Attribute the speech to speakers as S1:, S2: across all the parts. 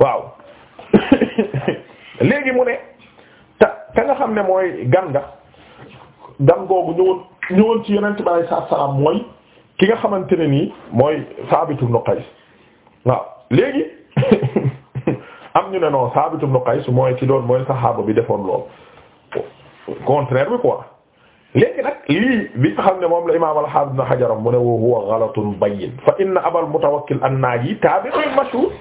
S1: waaw léegi mu ne ta ka nga xam ne mooy gan nga gan googu ñëwoon ñëwoon ci yonent bi mooy ki nga xamante ne nii mooy Saabit ibn Qays waaw léegi am ñu ne non Saabit ibn Qays mooy ki doon mooy saxaaba bi defoon lool contraire bi quoi léegi nag lii bi nga xam ne moom la imaam al-Hafiz Ibn Hajar mu ne wa huwa ghalatun bayyin fa inna abal Mutawakkil an-Naaji tabi'un mashhuur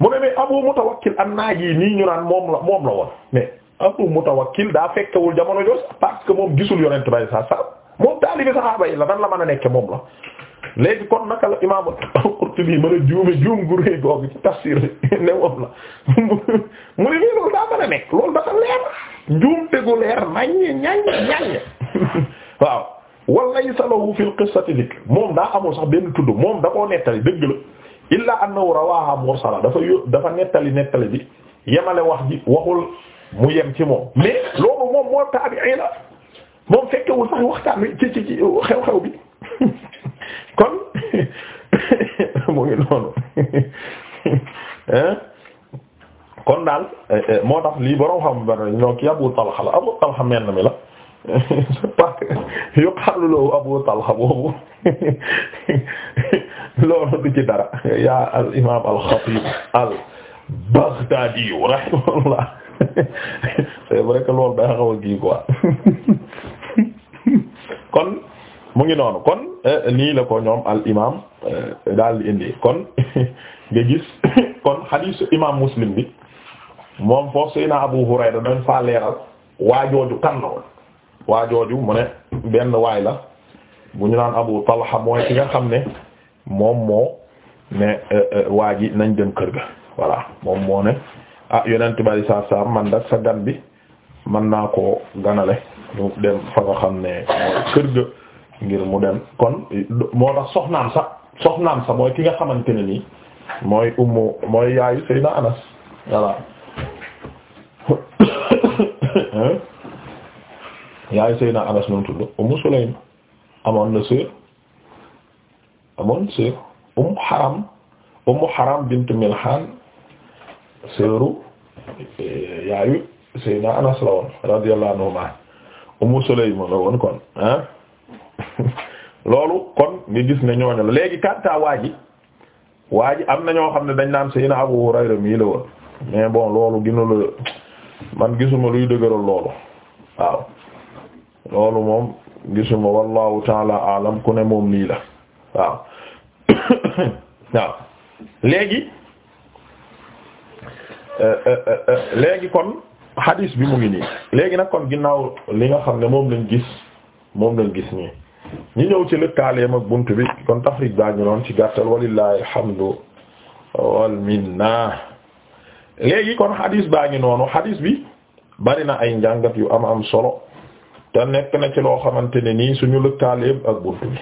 S1: mu ne mais Abu Mutawakkil an-Naaji nii ñu naan moom la moom la woon mais Abu Mutawakkil daa fekkewul jamono jooju parce que moom gisul yonent bay sa sa moom taalibi saxaaba yi la nan la mën a nekke moom la léegi kon naka la imaam al-Qurtubi mën a juume juum gu rëy googu ci tafsir ne moom la mu ne nii loolu daa mën a nekk loolu dafa leer njuum tegu leer naññe ñaññe ñaññe waaw walaysa lahu fil qissati dhikr moom daa amul sax benn tudd moom da koo nettali dëgg illa annahu rawaha mursala dafa yó dafa nettali nettali bi yemale wax ji waxul mu yem ci moom mais loolu moom moo taabi'i la moom fekkewul sax waxtaan wi ci ci ci xew-xew bi kon mu ngi noonu kon daal eh, eh, moo tax lii borom xam bari ñoo ki Abu Talha la Abu Talha menn mi la yuqaalu lahu Abu Talha boobu loolu du ci dara yaa al imaam al Xatiib al Baghdadi rahimahullah c'est vrai que loolu day xaw a kii quoi kon mu ngi noonu kon eh, nii la ko ñoom al imaam eh, daal di indi kon nga gis kon xadiisu imaam Muslim bi moom foofu Seydina Abu Hurayra dañ fa leeral waajooju kan la woon waa jooju mu ne benn waay la bu ñu naan Abu Talha mooy ki nga xam ne moom moo ne eh, eh, waa ji nañ dem kër ga voilà moom moo ne a ah, yonent bari saa saa man da sa gan bi man naa koo ganale ñu dem fa nga xam ne kër ga ngir mu dem kon moo tax soxnaam sax soxnaam mooy ki nga xamante ne nii mooy ummu mooy yaayu Seydina Anas voilà yaay Seydina Anas ñoom tudd Ummu Sulaym amoon na sœur amoon sœur Ummu Haram Ummu Haram bint Milhan sœuru eh, yaayu Seydina Anas la woon radiyallahu anhuma Ummu Sulaym la woon kon loolu kon nga gis ne ñooñu la léegi kàttaa waa ji waa am na ñoo xam ne dañ naan Seydina Abu Hurayra mii la woon mais bon loolu gënu la man gisuma luy dëgëral loolu waaw loolu moom gisuma wallahu taala alam ku ne moom lii la waaw waaw léegi euh, euh, euh, léegi kon hadis bi mu ngi nii léegi nag kon ginnaaw li nga xam ne moom lañ gis moom lañ gis nii ñu ñëw ci lëkkaaleem ak bunt bi kon taxrij baa ngi noon ci gàttal walillahi alhamdu wal minna léegi kon hadis baa ngi noonu hadis bi bari na ay njàngat yu am am solo te nekk na ci loo xamante ne nii suñu lëkkaaleem ak buntu bi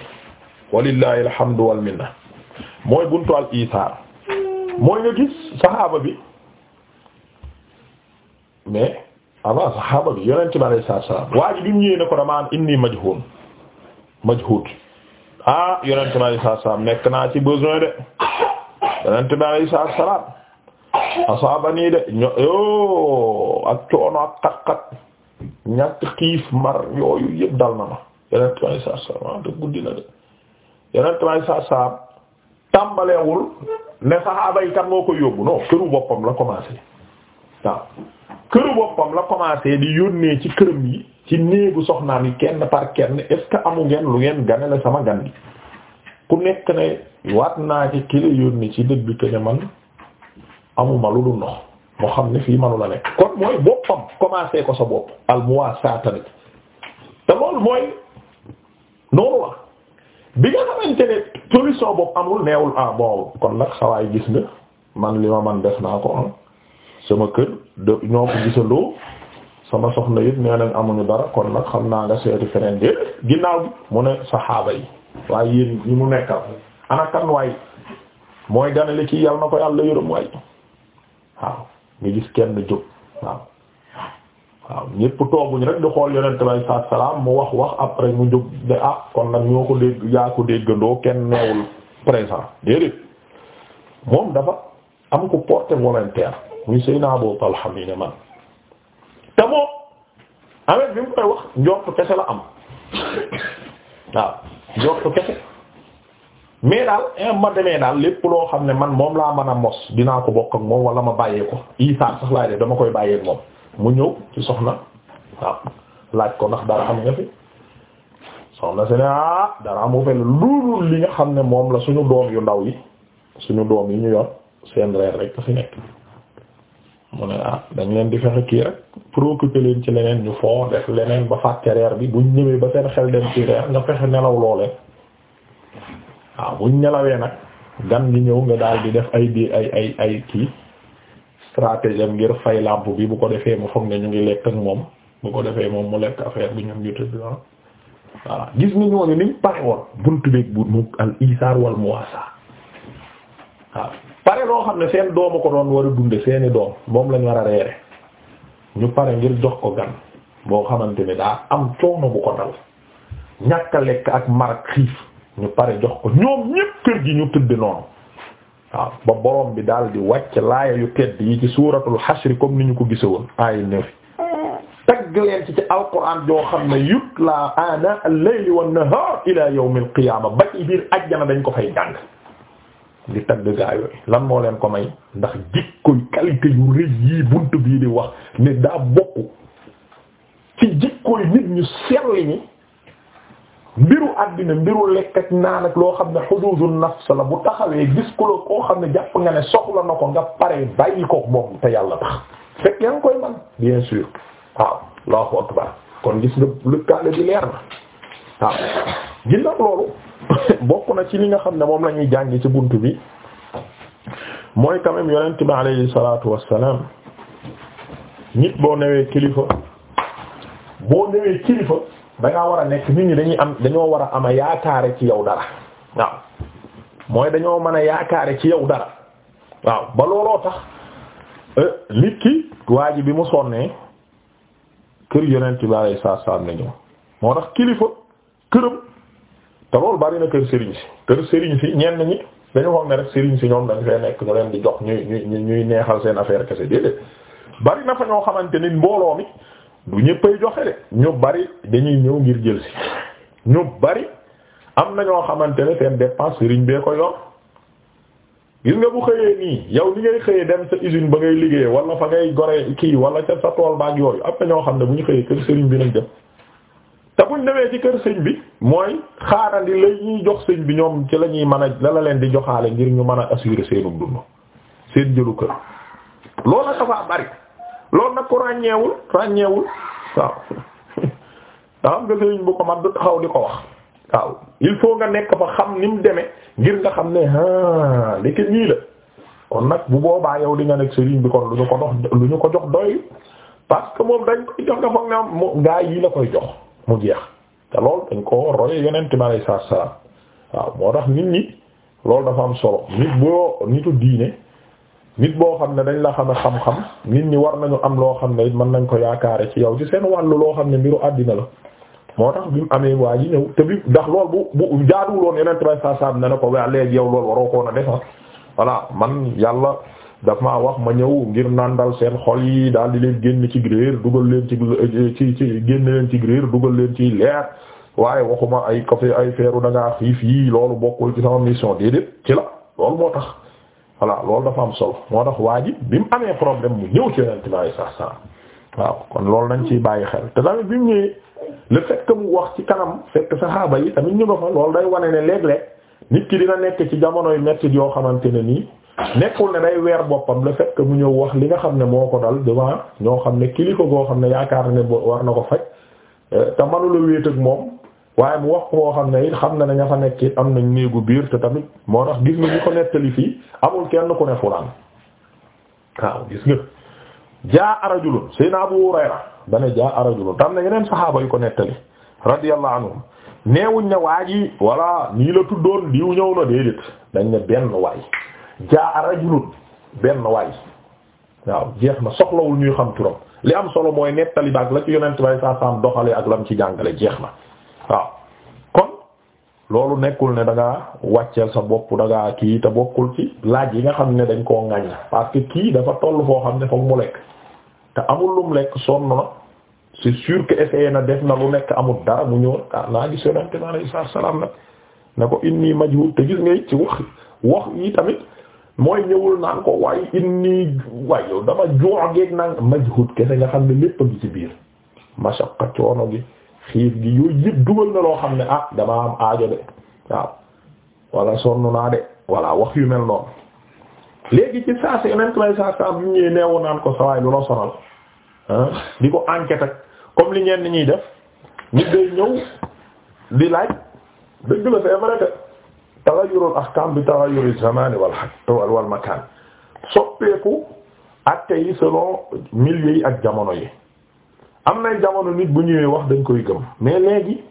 S1: walillahi alhamdu wal minna mooy buntu al isaar mooy nga gis saxaaba bi mais avant saxaaba bi yonent bi alayhi salaatu salaam waa ji bi ne ko dama am inni majhuul majhuud ah yonent bi alayhi salaatu salaam nekk naa ci besoin de yonent bi alayhi salaatu salaam asaaba nii de yoo ak coono ak xat-xat ñàkk xiif mar yooyu yëpp dal na ma yeneen trois saa saa te ne saxaaba yi kan moo koy yóbbu non këru boppam la commencé waaw këru boppam la commencé di yónnee ci këram yi ci néegu soxnaam yi kenn par kenn est amu ngeen lu ngeen gane la sama gan ku nekk ne waat naa ci kile yónni ci dëkk bi man amuma lu dul ndox moo xam ne fii manu la nekk kon mooy boppam commencé ko sa bopp al muwaasa tamit te loolu mooy noonu la bi nga xamante ne solution bopp amul neewul ah bon kon nag xawaay gis nga man li ma man def naa ko ah sama kër de ñoo ko gisandoo sama soxna yit nee nañ amuñu dara kon nag xam naa nga seeti feneen de ginnaaw bi mu ne saxaaba yi waaye yéen ñi mu nekkal ana kan waay mooy ganale ci yàlla na ko yàlla yërëm waay waaw nga gis kenn jóg waaw waaw ñépp tooguñ rek di xool yonent bay saa salaam mu wax wax après mu jóg de ah kon nag ñoo ko dégg yaa ko déggandoo kenn neewul présent déedéet moom dafa am ko porté volontaire muy Seydina Abu Talha mi ne man te moom avec bi mu koy wax njort kese la am waaw njort kese mais daal eh, ma demee daal lépp loo xam ne man moom laa mën a mos dinaa ko bokk ak moom wala ma bàyyee ko isaar sax laay def dama koy bàyyeek moom mu ñëw ci soxna waaw laaj ko ndax dara am nga fi soxna si ne ah dara amu fe loolu li nga xam ne moom la suñu doom yu ndaw yi suñu doom yi ñu yor seen reer rek fi nekk mu ne ah dañ leen di fexe kii rek préoccuper leen ci leneen ñu foo def leneen ba fàtte reer bi buñ ñëwee ba seen xel dem ci reer nga fexe nelaw loolee waaw buñ nelawee nag gan gi ñëw nga daal di def ay di ay ay ay kii stratégie ngir fay làmp bi bu ko defee mu foog ne ñu ngi lekk ak moom bu ko defee moom mu lekk affaire bi ñoom ñu tëdd ah. gis nga ñooñu ni mu pare woon buntu beeg bu mu al isaar wal muwaasa waaw pare loo xam ne seen doomu ko doon war a dunde seeni doom moom lañ war a reere ñu pare ngir jox ko gan boo xamante ni daa am coono bu ko dal ñàkk a lekk ak mar xiif ñu pare jox ko ñoom ñépp kër gi ñu tëdd noonu waaw ba borom bi daal di wàcc laaya yu tedd yi ci suuratul xashri comme ni ñu ko gise woon aaya neuf tagg leen ci ci alquran joo xam ne yutla ana al-layli wan-nahaar ila yawmil qiyaama ba ci biir ajjana dañ ko fay jàng di tagg gaa lan moo leen ko may ndax jikkoy qualité yu rëy yii bunt bii di wax ne daa bokk ci jikkoy nit ñu sell ñi mbiru àddina mbiru lekk ak naan ak loo xam ne xuduudu nafs la bu taxawee gis ku la koo xam ne jàpp nga ne soxla na ko nga pare bàyyi ko moom te yàlla tax fekk yaa ngi koy man bien sûr waaw allahu akbar kon gis nga lëkkaale bi leer na waaw ginnaaw loolu bokk na ci li nga xam ne moom la ñuy jàngi ci bunt bi mooy quand même yonent bi alayhi salaatu wassalaam nit boo newee kilifa boo newee kilifa da ngaa war a nekk nit ñi dañuy am dañoo war a am yaakaare ci yow dara waaw mooy dañoo mën a yaakaare ci yow dara waaw ba looloo tax euh, nit ki waa bi mu sonnee kër yonent bi alayhi salaam la nañu moo tax kilifa këram te loolu bari na kër sëriñ si kër sëriñ si ñenn ñi dañu foog rek sëriñ si ñoom dañ fee nekk ñu leen di jox ñuy ñuy ñuy neexal seen affaire kese déedéet bari fa ñoo xamante ni mbooloo mi du ñëppay joxe de ñu bari dañuy ñëw ngir jël si ñu bari am na ñoo xamante ne seen dépense sëriñ bee ko yor gis nga bu xëyee nii yow li ngay xëyee dem sa usine ba ngay liggéeyee wala fa ngay goree kii wala ca sa tool baag yooyu am na ñoo xam ne bu ñu xëyee kër sëriñ bi lañ dem te buñ demee ci kër sëñ bi mooy xaaral la ñuy jox sëñ bi ñoom ci la ñuy mën a la la leen di joxaale ngir ñu mën a assurer seenu dund seen jëlu kër loolu dafa bari. loolu nag ko ràññeewul ràññeewul waaw nga xam nga sëriñ bu ko mat du taxaw di ko wax waaw il faut nga nekk fa xam ni mu demee ngir nga xam ne ah léegi nii la kon nag bu boobaa yow di nga nekk sëriñ bi kon lu ñu ko dox lu ñu ko jox doy parce que moom dañ koy jox nga foog ne moom gaa yi la koy jox mu jeex te lool dañ ko roye yonent bi alayhi salaam waaw moo tax nit ñi loolu dafa am solo nit boo nitu diine. nit boo xam ne dañ la xame xam-xam nit ñi war nañu am loo xam ne it mën nañ ko yaakaare ci yow ci seen wàllu loo xam ne mbiru àddina la moo tax bi mu amee waa ji ñëw te bi ndax lool bu bu jaaduwul woon yeneen trois cent saabu ne ne ko waa léegi yow loolu waroo koo a def voilà man yàlla daf wax ma ñëw ngir nandal seen xol yi daal di leen génn ci réer dugal leen ci ci génn leen ci réer dugal leen ci leer waaye waxuma ay café ay feeru da ngaa fii loolu bokkul ci sama mission déedéet ci la loolu tax. voilà loolu dafa am sol moo tax waa ji bi mu amee problème mu ñëw ci yonent bi sallallahu sax wasallam waaw kon loolu dañ ciy bàyyi xel te tamit bi mu ñëwee le fait mu wax ci kanam fekk saxaaba yi tamit ñu nga fa loolu day wane ne léeg-léeg nit ki dina nekk ci jamonoy metti yoo xamante ne nii nekkul ne day weer boppam le fait mu ñëw wax li nga xam ne moo ko dal devant ñoo xam ne kilifa goo xam ne yaakaar ne war na ko faj te manula wéet ak moom waaye mu wax koo xam ne it xam ne ña fa nekk it am nañ néegu biir te tamit moo tax gis nga ñu ko nettali fii amul kenn ku ne fulaan waaw gis nga jaa arajulun sayna Abu Hurayra dane jaa arajulun te am na saxaaba yu ko nettali radiyallahu anhum neewuñ ne waa ji walla nii la tuddoon diw na déedéet dañ ne benn waay jaa arajulun benn waay waaw jeex na soxlawul ñuy xam turam li am solo mooy nettali baag la ci yonent bay saa saam doxalee ak lam ci jàngale jeex na waaw kon loolu nekkul ne da wàccel wàcceel sa bopp da ngaa kii te bokkul ci laaj yi nga xam ne dañ koo ŋaññ parce que kii dafa toll foo xam ne foog mu lekk te amul lum lekk sonn na c'est sûr que essayé na def na lu nekk amul dara mu ñëw ah naa gis yonente bi alayhi salaam nag ne ko inni majhul te gis nga ci wax wax yi tamit mooy ñëwul naan ko waaye inni waaye dama juux geeg naan majhul kese nga xam ne lépp a ngi biir mashaqqa coono gi. xiif gi yooyu yëpp dugal na loo xam ne ah damaa am aajo de waaw wala sonn naa de voilà wax yu mel noonu léegi ci saa si yonent may saa saa bu ñëwee neewu naan ko sawaay lu la sonal di ko enquête comme li ñeen ñuy def nit day ñëw di laaj dëgg la c'est vrai que tawayurul ahkam bi tawayurul zamani wal wal wal soppeeku atte yi selon milieu yi ak jamono yi am nay jamono nit bu ñëwee wax dañ koy gëm mais léegi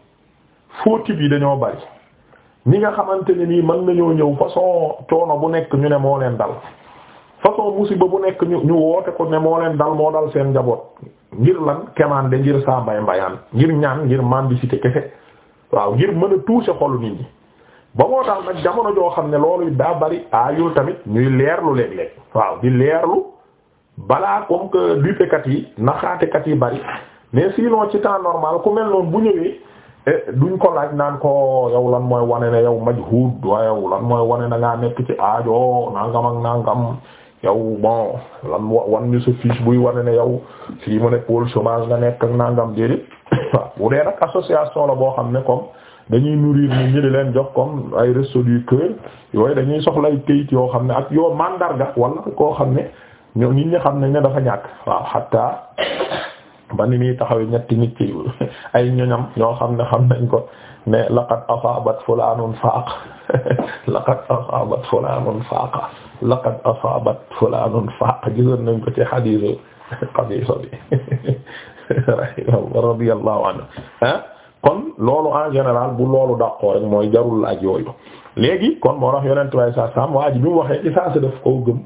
S1: faux type yi dañoo bari ñi nga xamante ne nii mën nañoo ñëw façon coono bu nekk ñu ne moo leen dal façon musiba bu nekk ñu ñu woote ko ne moo leen dal moo dal seen njaboot ngir lan kemande ngir saa mbay mbayaan ngir ñaan ngir mendicité kese waaw ngir mën a toucher xolu nit ñi ba moo tax nag jamono joo xam ne loolu daa bari aayul tamit ñuy leerlu léeg-léeg waaw di leerlu balaa comme que dupékat yi kat yi bari mais sinon ci temps normal ku mel noonu bu ñëwee eh, duñ ko laaj naan ko yow lan mooy wane ne yow majhud wa yow lan mooy wane na ngaa nekk ci aajo nangam ak nangam yow bon lan wan ñu sa fiche buy wane ne yow fii mu ne pôle chômage nga nekk ak nangam déedéet waaw bu dee nag association la boo xam ne comme dañuy nourrir ñu ñi di leen jox comme ay restos du cœur yooyu dañuy soxlay kayit yoo xam ne ak yoo mandarga wala koo xam ne ñoo nit ñi xam ne ne dafa ñàkk waaw xatta ba ni muy taxaw ñetti nit ci ay ñoñam ñoo xam ne xam nañ ko ne laqad asaabat fulaanun faaq laqad asaabat fulaanun faaqa laqad asaabat fulaanun faaq gisoon nañ ko ci xadiisu xabisa bi radiyallahu anhu ah kon loolu en général bu loolu dàqoo rek mooy jarul laaj yooyu léegi kon moo tax yonent way sa sam waa ji bi mu waxee ci saa si daf koo gëm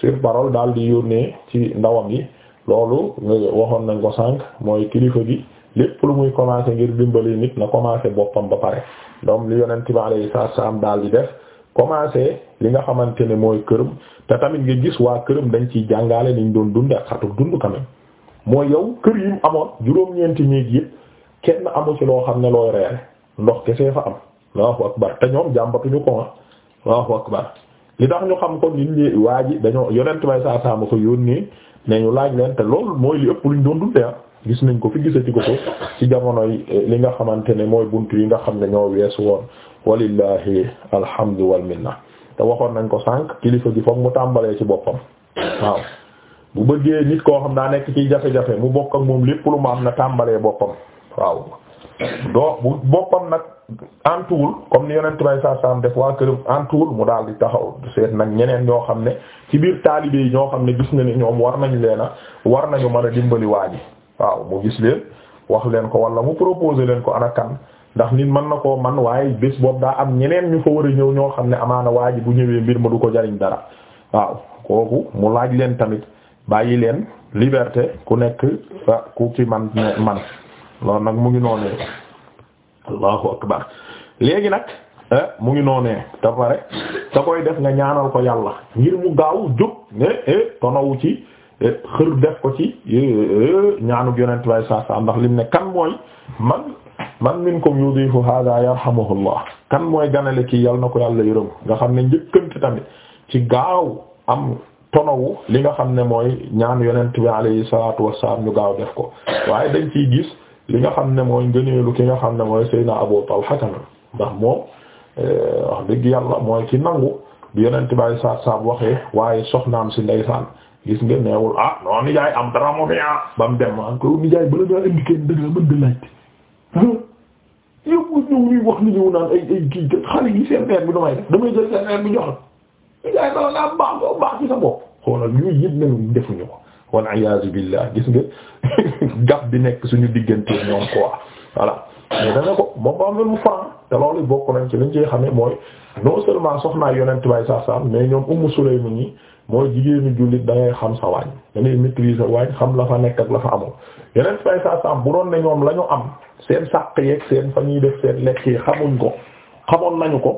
S1: sur parole daal di yónnee ci ndawam yi loolu waxoon nañ ko sànq mooy kilifa gi lépp lu muy commencé ngir dimbali nit na commencé boppam ba pare doom li yonent bi alayhi salaam daal di def commencé li nga xamante ne mooy këram te tamit nga gis waa këram dañ ciy jàngaale niñ doon dund ak xatu dund tamit mooy yow kër yi mu amoon juróom-ñeenti néeg yëpp kenn amu ci loo xam ne looy reere ndox kese fa am Allahu akbar te ñoom jàmbatuñu ko Allahu akbar li tax ñu xam ko nit ñi waa ji dañoo yonent may saa saa ma ko yónnee ne ñu laaj leen te loolu mooy li ëpp luñ doon dundee ah. gis nañ ko fi gisati ko ko ci jamonoy eh, li nga xamante ne mooy bunt yi nga xam ne ñoo weesu woon walillahi alhamdu wal minna te waxoon nañ ko sànq kilifa gi foog mu tàmbalee ci boppam waaw bu bëggee nit koo xam daa nekk ci jafe-jafe mu bokk ak moom lépp lu mu am na tàmbalee boppam waaw doo bu boppam nag antuwul comme ni yonent bay saa saam def waa këram antuwul mu daal di taxaw seet nag ñeneen ñoo xam ne ci biir taalibe yi ñoo xam ne gis na ni ñoom war nañu leen a war nañu mën a dimbali waa waaw mu gis leen wax leen ko wala mu proposer leen ko ana ndax nit mën na koo man waaye bés boobu daa am ñeneen ñu fa war a ñëw ñoo xam ne amaana waa ji bu ñëwee mbir ma du ko jariñ dara waaw kooku mu laaj leen tamit bàyyi leen liberté ku nekk ku ci man man loolu nag mu ngi noonee léegi nag eh, mu ngi noonee te pare te koy def nga ñaanal ko yàlla ngir mu gaaw jóg ne eh, ci eh, xër def ko ci ñaanu yonent way saa saa ndax lim ne kan mooy man man minkum yudifu hada yarhamuhullah kan mooy ganale kii yal na ko yàlla yërëm nga xam ne njëkkante tamit ci gaaw am tonawu li nga xam ne mooy ñaan yonent bi alayhi salatu wassalam ñu gaaw def ko waaye dañ ciy gis li nga xam ne mooy ngëneelu ki nga xam ne mooy Seydina Abu Talha tamit ndax moom eh, wax dëgg yàlla mooy ci nangu bi yonent bàyyi saab saab waxee waaye soxnaam si ndeysaan gis nga neewul ah non ni am dara mu fi ah, ba mu dem ah, ko ni jaay bala ngaa indi kenn dëgg mën da laajte yëpp ñëw ñuy wax ni ñëw naan ay ay kii xale yi seen reer bi damay def damay jël seen reer bi jox la ni bala ngaa baax boo baax ci sa bopp xoolal yooyu yëpp ne ko wal iyaazu billah gis nga gab bi nekk suñu diggante ñoom quoi voilà mais danga ko moom ba am mu franc te loolu bokk nañ ci liñ ci xamee mooy non seulement soxnaa yonent bay saa saam mais ñoom Ummu Sulaym ñi mooy jigéenu jullit da ngay xam sa waañ da ngay maîtriser waañ xam la fa nekk ak la fa amul yonent bay saa saam bu doon ne ñoom la am seen sàq yeeg seen fa ñuy def seen lekk yi xamuñ ko xamoon nañu ko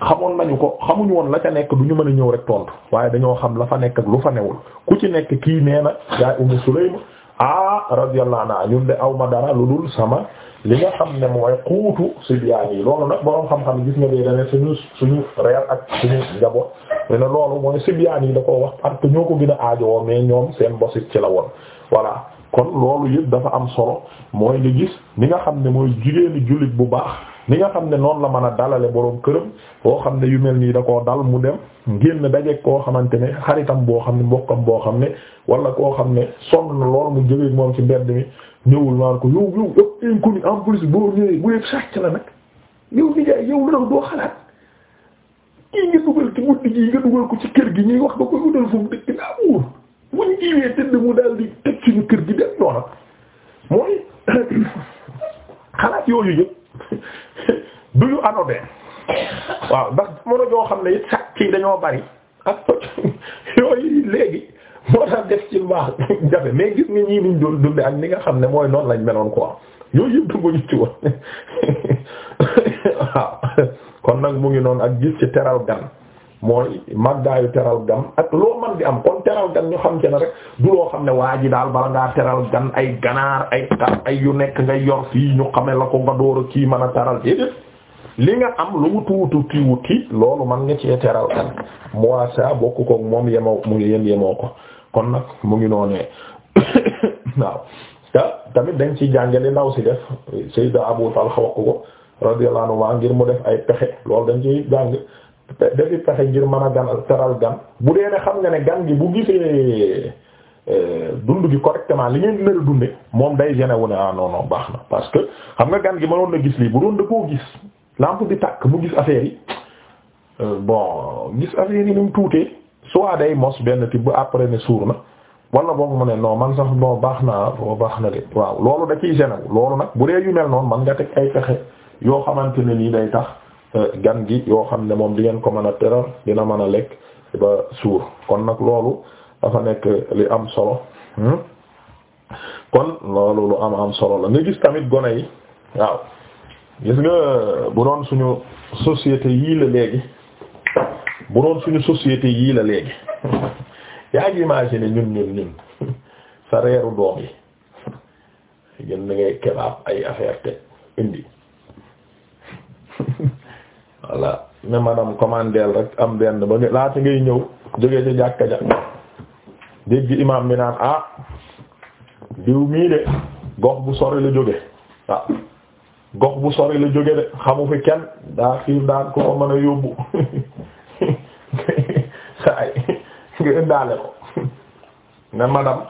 S1: xamoon nañu ko xamuñu woon la ca nekk du ñu mën a ñëw rek tontu waaye dañoo xam la fa nekk ak lu fa newul ku ci nekk kii nee na yaay Ummu Sulaym ah radiyallahu anha ñun de aw ma dara lu dul sama li nga xam ne mooy xuutu sibyaan yi loolu nag boroom xam-xam gis nga dee dane suñu suñu reer ak suñu njaboot ne loolu mooy sibyaan yi da ko wax parce que ñoo ko gën a aajowoo mais ñoom seen bosit ci la woon voilà kon loolu yëpp dafa am solo mooy nga gis ni nga xam ne mooy jigéenu jullit bu baax li nga xam ne noonu la mën a dalale boroom këram koo xam ne yu mel nii da koo dal mu dem génn dajeeg koo xamante ne xaritam boo xam ne mbokkam boo xam ne wala koo xam ne sonn na lool mu jógee moom ci mbedd mi ñëwul naan ko yow yow ëpp inconnu en plus boo sàcc la nag yow liggéey yow loolu doo xalaat kii nga dugal ci guddi gi nga dugal ko ci kër gi ñuy wax nga koy utal fu mu dëkk daa wóor muñ jiwee tëdd mu daal di teg suñu kër gi dem doona mooy xalaat yooyu du yu de waaw ndax mën a joo xam ne it sàcc yi dañoo bari ak yooyu léegi moo tax def ci baax jafe mais gis nga ñii niñ doon ak ni nga xam ne mooy noonu lañ meloon quoi yooyu yëpp dunga ñu ci waaw kon nag mu ngi noonu ak gis ci teral gan mooy màggaayu teral gan ak loo man di am kon teral gan ñu xam ci ne rek du loo xam ne waa ji daal bala ngaa teral gan ay ganaar ay xar ay yu nekk ngay yor fii ñu xame la ko nga door kii mën a teral déedéet li nga am lu mu tuutu tuuti loolu man nga cee teral kan moisa bokk koog moom yemoo mu yem yemoo ko kon nag mu ngi noonee waaw te tamit dañ ci jàngale ndaw si def Sayyid Abu Talha wax ko radiyallahu anhu ngir mu def ay pexe loolu dañ ci jàng defi pexe ngir mën a gan teral gan bu dee ne xam nga ne gan gi bu gisee euh, dund gi correctement li ngeen nar a moom day gene wu ne ah non baax na parce que xam nga gan gi mënoon na gis lii bu doon da koo lampe bi tàkk mu gis affaire yi euh, bon gis affaire yi ni mu tuutee soit day mos benn tibb après ne suur na wala boog mu ne noo man sax bon baax naa boo baax na de waaw loolu da ciy génnewu loolu nag bu dee yu mel noonu man nga teg ay pexe yoo xamante ne nii day tax euh, gan gi yoo xam ne moom di ngeen ko mën a teral dina mën a lekk ba suur kon nag loolu dafa nekk li am solo hmm? kon loolu lu am am solo la nga gis tamit gone yi waaw gis nga bu doon suñu société yii la léegi bu doon suñu société yii la léegi yaa ngi imaginer ñun ñun ñun sa reeru doom yi gën da kebaab ay affaire indi voilà ne madame commandeel rek am benn ba nga laata ngay ñëw jógee ci jàkka ja dégg imam bi naan ah diw mii de gox bu sori la jóge gox bu sori la jóge de xamu fi kenn daa xiir daan ku ko mën a yóbbu saay nga indaale ko ne madame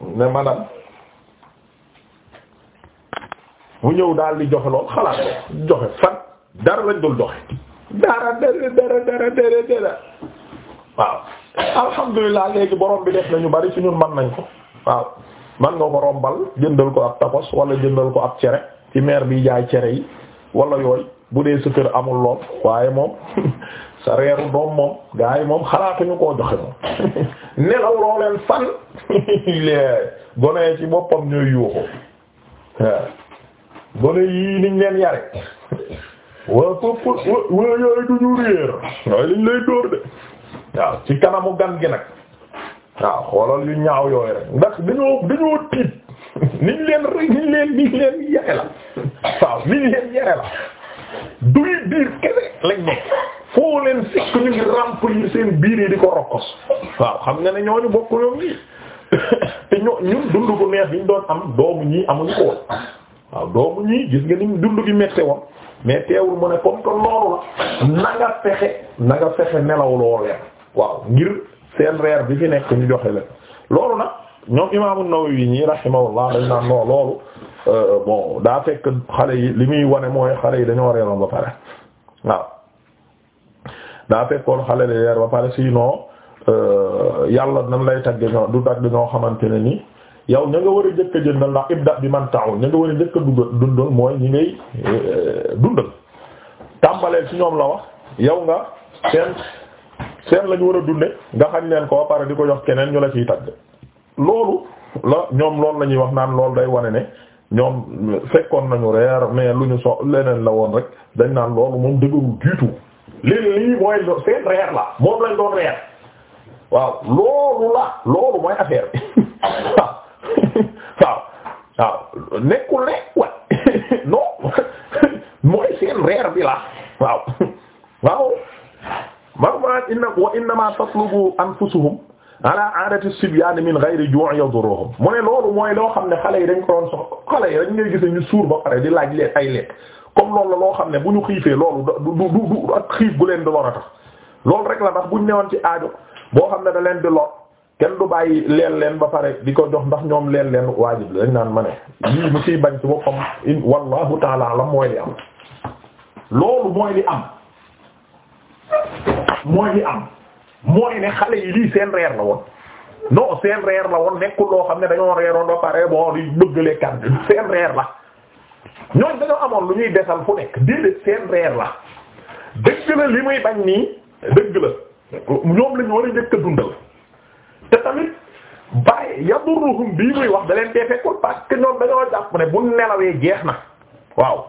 S1: ne madame mu ñëw daal di joxe lool xalaat ko joxe fan dara lañ dul joxe dara dara dara dara waaw alhamdulilah léegi borom bi def nañu bari ci ñun mën nañ ko waaw man nga ko rombal jëndal ko ab tapos wala jëndal ko ab cere ci maire bi jaay cere yi wala yooyu bu dee sa kër amul lool waaye moom sa reeru doom moom gaa yi moom xalaatuñu koo joxe moom nelaw loo leen gone ci boppam ñooy yuuxu waaw gone niñ leen yare waa kopp waa yooyu du ñu réer waaye liñ lay dóor de waaw ci kanamu gan gi nag waaw xoolal yu ñaaw yooyu rek ndax dañoo tiit niñ leen rek niñ leen yare la waaw li ñu yere la duy biir kese lañ nekk foo leen sikk ñu ngi remplir seen biir yi di ko rokkos waaw xam nga ne ñooñu bokk ñoom nii te ñoo ñun dund bu neex liñ doon am doomu ñii amuñu ko woon waaw doomu ñii gis nga ni dund gi métte woon mais teewul ne comme que loolu la na fexe na fexe nelaw loo leen ngir seen reer bi fi nekk ñu joxe leen loolu nag ñoom imaamu Nawawi ñii rahimahullah dañ naan noo loolu Euh, bon daa fekk xale yi li muy wane mooy xale yi dañoo reeroon ba pare waaw daa fekkoon xale yi reer ba pare noo euh, yàlla nan lay tagg ñoo du tagg xamante ne ni yow ña nga ndax ibda bi man taawul ña nga war mooy ñi ngay euh, dundal tàmbaleel ci ñoom la wax yow nga seen seen la ñu war a dunde nga xañ leen ko pare di ko jox keneen ñu la ciy tagg loolu la ñoom loolu la ñuy wax naan loolu day wane ne ñoom fekkoon nañu reer mais lu ñu so leneen la woon rek dañ naan loolu moom dëgërul du tout lii mooy seen reer la moom lañ doon reer waaw loolu la loolu mooy affaire bi waaw waaw nekkul ne wa non mooy seen reer bi la waaw waaw inna wa innama tatlubu anfusuhum ala aadati sibyaani min ghayri ju'in yadurruhum mu ne loolu mooy loo xam ne xale yi dañ ko doon sox xale yi rek ngay gis di laaj leen ay lekk comme loolu la loo xam ne bu ñu xiifee loolu du du du ak xiif bu leen di lor a tax loolu rek la ndax buñ newoon ci aajo boo xam ne da leen di lor kenn du bàyyi leen leen ba pare di ko jox ndax ñoom leen leen waajib la dañ naan ma ne lii mu ciy bañ ci boppam in wallahu ta'ala alam mooy li am loolu mooy li am mooy li am mooy ne xale yi lii seen reer la woon non seen reer la woon nekkul loo xam ne dañoo reeroon ba pare bon di bëggale kan seen reer la ñooñ dañoo amoon lu ñuy desal fu nekk déedéet seen reer la dëgg la li muy bañ nii dëgg la ñoom lañu war a njëkk a dundal te tamit bàyyi yadurruhum bii muy wax da leen dee fekkul parce que ñoom dañoo jàpp ne bu nelawee jeex na waaw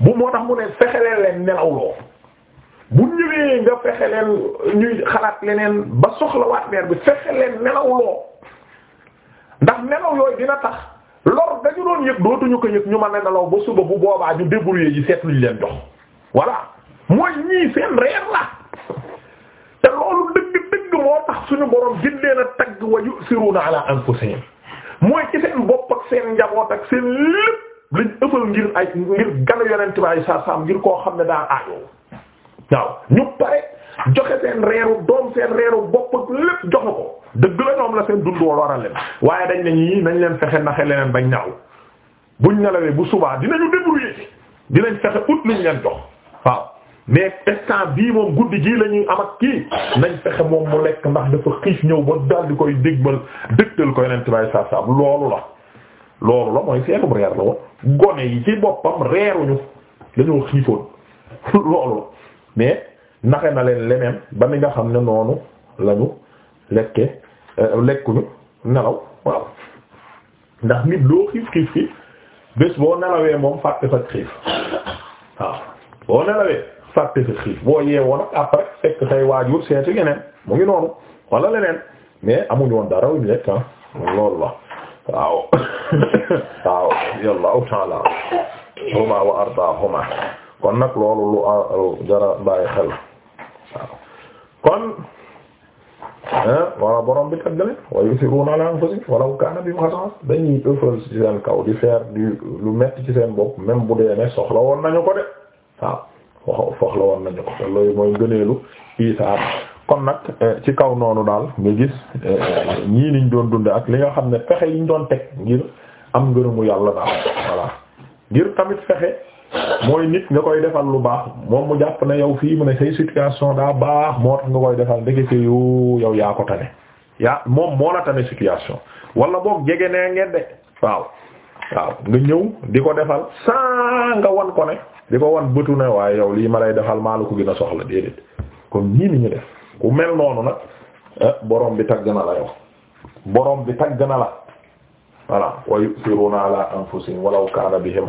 S1: bu moo tax mu ne fexelee leen nelawloo bu ñëwee nga fexe leen ñuy xalaat leneen ba soxla soxlawaat weer bi fexe leen nelaw loo ndax nelaw yooyu dina tax lor dañu doon yëg dootuñu ko yëg ñu mën a nelaw ba suba bu boobaa ñu débrouiller yi seet luñ leen jox voilà mooy ñii seen reer la te loolu dëgg-dëgg moo tax suñu borom gën leen a tagg wa yusiruna ala anfusihim mooy ci seen bopp ak seen njaboot ak seen lépp lañ ëppal ngir ay ngir gana yonent bi ay sa sam ngir koo xam ne daa aajoo waaw ñu pare joxe seen reeru doom seen reeru bopp lépp joxe ko dëgg la ñoom la seen dund war a leen waaye dañ ne ñii nañ leen fexe naxe leneen bañ ñaaw buñ nelawee bu subaa dinañu débrouiller dinañ fexe ut luñ leen jox waaw mais instant bii moom guddi gii la ñuy am ak kii nañ fexe moom mu lekk ndax dafa xiif ñëw ba dal di koy dégmal dëgtal koy neen tibay sa sab loolu la loolu la mooy seenum reer la woon gone yi ci boppam reeruñu dañoo xiifoon mais naxe na leen leneen ba ni nga xam ne noonu lañu lekke euh, lekkuñu nelaw waaw ndax nit loo xiif xiif xiif bés boo nelawee moom fàtte sa xiif waaw boo nelawee fàtte sa xiif boo yeewoo nag après fekk say waajur seeti geneen mu ngi noonu wala leneen mais amuñu woon dara wu ñu lekk ah loolu la waaw waaw yallahu ta'ala huma wa ardaahuma kon nag loolu lu jara bàyyi xel waaw kon ah, wala borom bi tàggale wa yusiruna ala anfusihim walaw kana bihim khasasa dañuy ëffal ci seen kaw di faire du lu metti ci seen bopp même bu dee ne soxla woon nañu ko de waaw soxla woon nañu ko te loolu mooy gëneelu isaar kon nag eh, ci kaw noonu daal nga gis eh, ñii niñ doon dunde ak li nga xam ne fexe yiñ doon teg ngir am ngërëmu yàlla daal voilà ngir tamit fexe mooy nit nga koy defal lu baax moom mu jàpp ne yow fii mu ne say situation daa baax moo tax nga koy defal ndekete yoo yow yaa ko tane yaa moom moo la tane situation wala boog jege nee ngeen de waaw waaw nga ñëw di ko defal saa nga wan ko ne di ko wan bëtu ne waaye yow lii ma lay defal maa la ko gën a soxla déedéet kon nii ni ñu def ku mel noonu nag eh, boroom bi tagg na la yow borom bi tagg na la voilà wa yu'thiruna ala anfusihim walaw kana bihim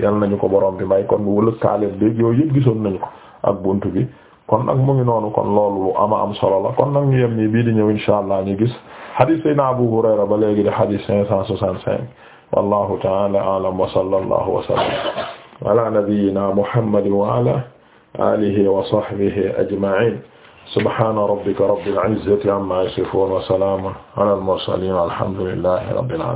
S1: yal nañu ko borom bi may kon wala kaaleel beeg yooyu yëpp gisoon nañu ko ak buntu bi kon nag mu ngi noonu kon loolu lu ama am solo la kon nag ñu yem nii bii di ñëw insha allah ñu gis hadith sayna Abu Hurayra ba léegi di hadith cinq cent soixante-cinq wallahu ta'ala a'lam wa sallallahu wa sallam ala nabiyyina Muhammad wa ala alihi wa sahbihi ajma'in subhana rabbika rabbil izzati amma yasifun wa salamun ala al mursalin alhamdulillahi rabbil alamin